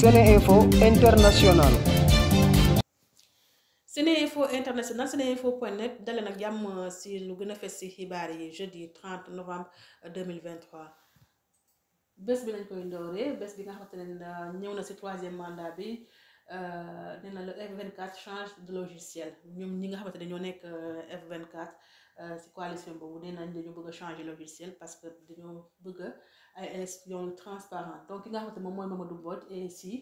Seneinfo International. Seneinfo International seneinfo.net dalee nag jàmm si lu gën a fes si xibaar yi jeudi 30 novembre 2023. bés bi lañ koy ndooree bés bi nga xamante ne ñëw na si troisième mandat bi. Euh, nee na le F24 change de logiciel ñoom ñi nga xamante dañoo nekk euh, F24 euh, ci coalition boobu nee nañ dañoo bëgg a changer logiciel parce que dañoo bëgg ay élection transparent donc ki nga xamante moom mooy Mamadou Mbodj et si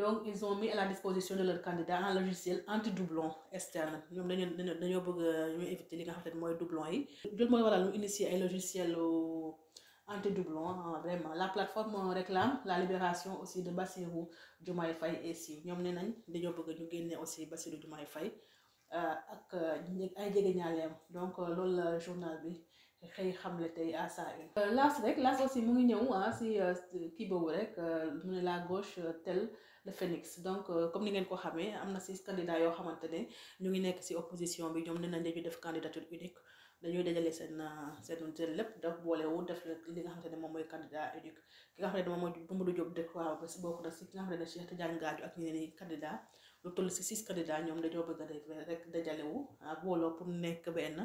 donc ils ont mis à la disposition de leur candidat un logiciel anti doublon externe ñoom dañoo dañoo bëgg ñu éviter li nga xamante ne mooy doublon yi. loolu mooy waral ñu initier ay logiciel. anti-doublon vraiment la plateforme euh, réclame la libération aussi de Bassirou Diomaye Faye et si ñoom ne nañ dañoo bëgg ñu génne aussi Bassirou Diomaye Faye euh, ak euh, ay jege ñaaleem donc loolu la journal bi xëy xamle tey à saa une. Euh, laas rek laas aussi mu ngi ñëw ah si euh, kii boobu rek euh, mu ne la gauche tel le phénix donc comme ni ngeen ko xamee am na si candidat yoo xamante ne ñu ngi nekk si opposition bi ñoom nee nañ dañuy def candidature unique dañuy dajale seen seen seen lépp daf boole wu def li nga xamante moom mooy candidat unique ki nga xamante ne moom mooy Mamadou Diop Decroix bokk na si ki nga xamante ne Cheikh Tidiane Gadio ak ñeneen i candidat lu toll si six candidats ñoom dañoo bëgg a rek dajalewu ah, booloo pour nekk benn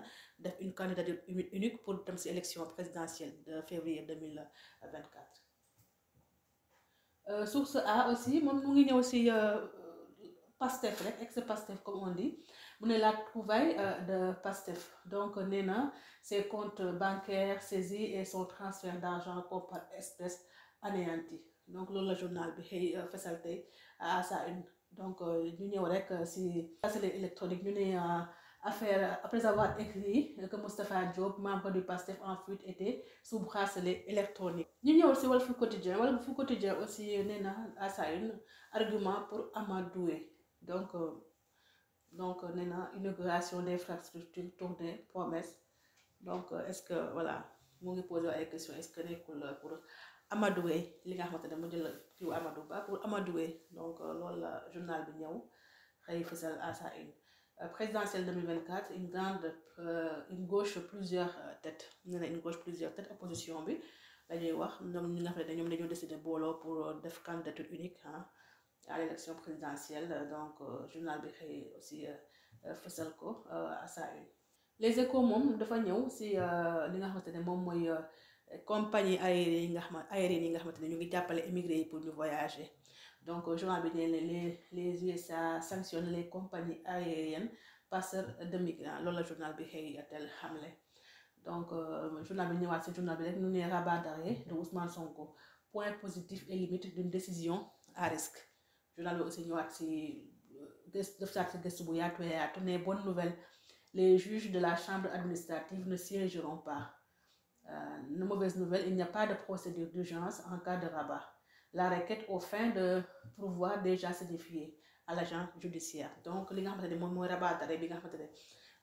def une candidature unique pour dem si élection présidentielle de février 2024. Euh, source A aussi moom mu ngi ñëw si euh, Pastef rek ex Pastef comme on dit mu ne la trouvaille euh, de Pastef donc nee na ses comptes bancaires saisis et son transfert d' argent comme anéanti donc loolu la journal bi xëy fesal tey à ah, sa une. donc euh, ñu ñëw rek euh, si bracelet électronique ñu ne euh, affaire après avoir écrit que Moustapha Diop membre du PASTEF en fuite était sous bracelet électronique ñu ñëw si Walf Quotidien Walf Quotidien aussi nee na à sa une argument pour Amadou Doué donc donc nee na inauguration d'infrastructures tournée promesse donc est-ce que voilà mu ngi posé ay question est-ce que nekkul pour Amadou Weye li nga xamante ne mu jël kiw Amadou Ba pour Amadou Weye donc euh, loolu la journal bi ñëw xëy fësal à sa une euh, présidentielle 2024 une grande euh, une gauche plusieurs têtes nee na une gauche plusieurs têtes opposition bi la ñuy wax ñoom ñi nga xam ne ñoom dañoo décidé booloo pour def candidature unique ah à l' élection présidentielle donc journal bi xëy aussi ko à sa une les échos moom dafa ñëw si li nga xamante ne moom mooy. compagnie aérienne yi nga xam aérienne yi nga xamante ne ñu ngi jàppale émigré yi pour ñu voyager donc journal bi nee na les les USA sanctionnent les compagnies aériennes passeurs de migrants loolu la journal bi xëy atel xamle donc euh, journal bi ñëwaat si journal bi rek ñu ne rabat d'arrêt de Ousmane Sonko point positif et limite d'une décision à risque journal bi aussi ñëwaat si euh, gëstu def saa si gëstu bu yaatu yaatu ne bonne nouvelle les juges de la chambre administrative ne siégeront pas. Euh, une mauvaise nouvelle, il n'y a pas de procédure d'urgence en cas de rabat. La requête au fin de pouvoir déjà se défier à l'agent judiciaire. Donc, li nga xam ne moom mooy rabat d'arrêt bi nga xamante ne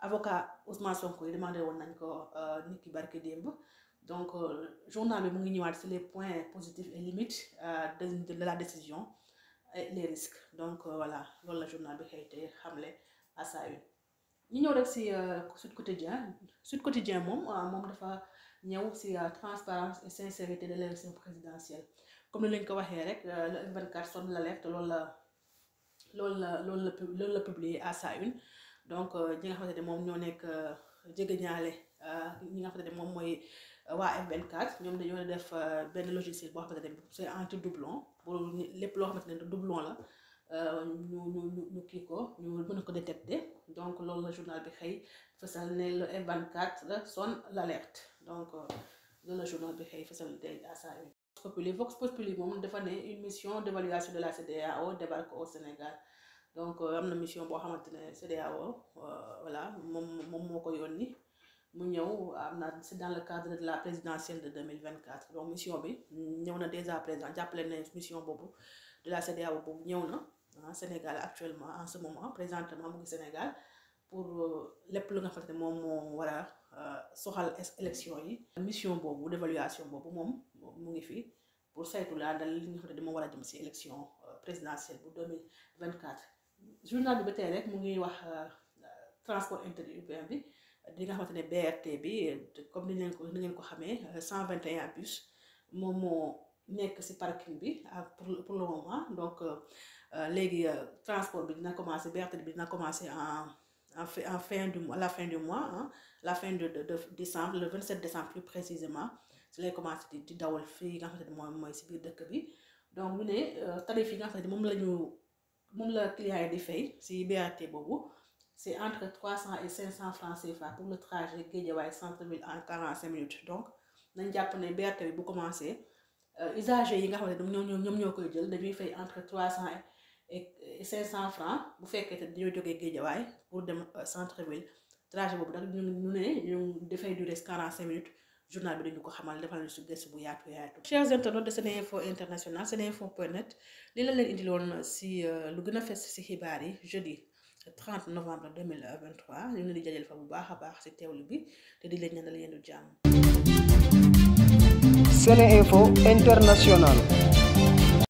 avocat Ousmane Sonko yi demandé woon nañ ko euh, nit ki barke démb donc euh, journal bi mu ngi ñëwaat ci les points positifs et limites de de la décision et les risques donc voilà loolu la journal bi xëy te xamle à ñu ñëw rek si euh, Sud Quotidien Sud Quotidien moom euh, moom dafa ñëw si euh, transparence et sincérité de l'élection présidentielle comme ni lañ ko waxee rek le M24 sonne l'alerte loolu la loolu la la loolu la publier à sa une donc ñi nga xamante ne moom ñoo nekk jege ñaale ñi nga xamante ne moom mooy waa M24 ñoom dañoo def benn logiciel boo xamante ne c'est anti doublon lépp loo xamante ne doublon la. Euh, ñu ñu ñu kii ko ñu mën a la journal bi xëy fësal ne le F24 sonne l'alerte donc euh, loolu la journal bi xëy fësal tey à sa une. Vox Populi Vox mission d'évaluation de la CEDEAO débarque au donc euh, na mission boo xamante ne CEDEAO voilà moom moo ko yónni mu ñëw am na c'est dans le cadre de la présidentielle de 2024 donc mission bi ñëw na déjà présent jàppale ne mission boobu de la CEDEAO boobu ñëw na. Sénégal actuellement en ce moment présentement mu ngi Sénégal pour euh, lépp lu nga xam ne moom moo war euh, soxal élection yi mission boobu d'évaluation boobu moom mu ngi fi pour saytu laa dal li nga xam ne war a jëm si élection euh, présidentielle bu 2024 journal bi ba tey rek mu ngi wax transport interurbain bi di nga xamante ne BRT bi comme ni ngeen ko ni ko xamee 121 bus moom moo nekk si parking bi pour pour le moment donc Euh, léegi euh, transport bi dina commencer berte bi dina commencer en en fin du mois la fin du mois la fin de, de, de décembre le 27 décembre plus précisément si lay commencer di dawal fi nga xamante ne si biir dëkk bi donc ñu ne euh, tarif yi nga xamante ne moom la ñu moom la client di fey si BRT boobu c'est entre 300 et 500 francs CFA pour le trajet Guédiawaye centre-ville en 45 minutes donc nañ jàpp ne BRT bi bu commencé usagers yi nga xam ne ñoom ñoo ñoom ñoo koy jël dañuy fay entre 300 et cinq cent francs bu fekkee te dañoo jógee Géejawaay pour dem euh, centre ville trajet boobu nag ñu ñu ne ñu dafay durer quarante cinq minutes journal bi dañu ko xamal defal nañu su gëstu bu yaatu yaatu. chers internautes de Seneinfo International seneinfo.net li la leen indiloon euh, a fës si xibaar yi jeudi 30 novembre 2023 ñu ngi leen di jajal fa bu baax a baax si bi te di leen ñaanal yendu jàmm. Seneinfo International.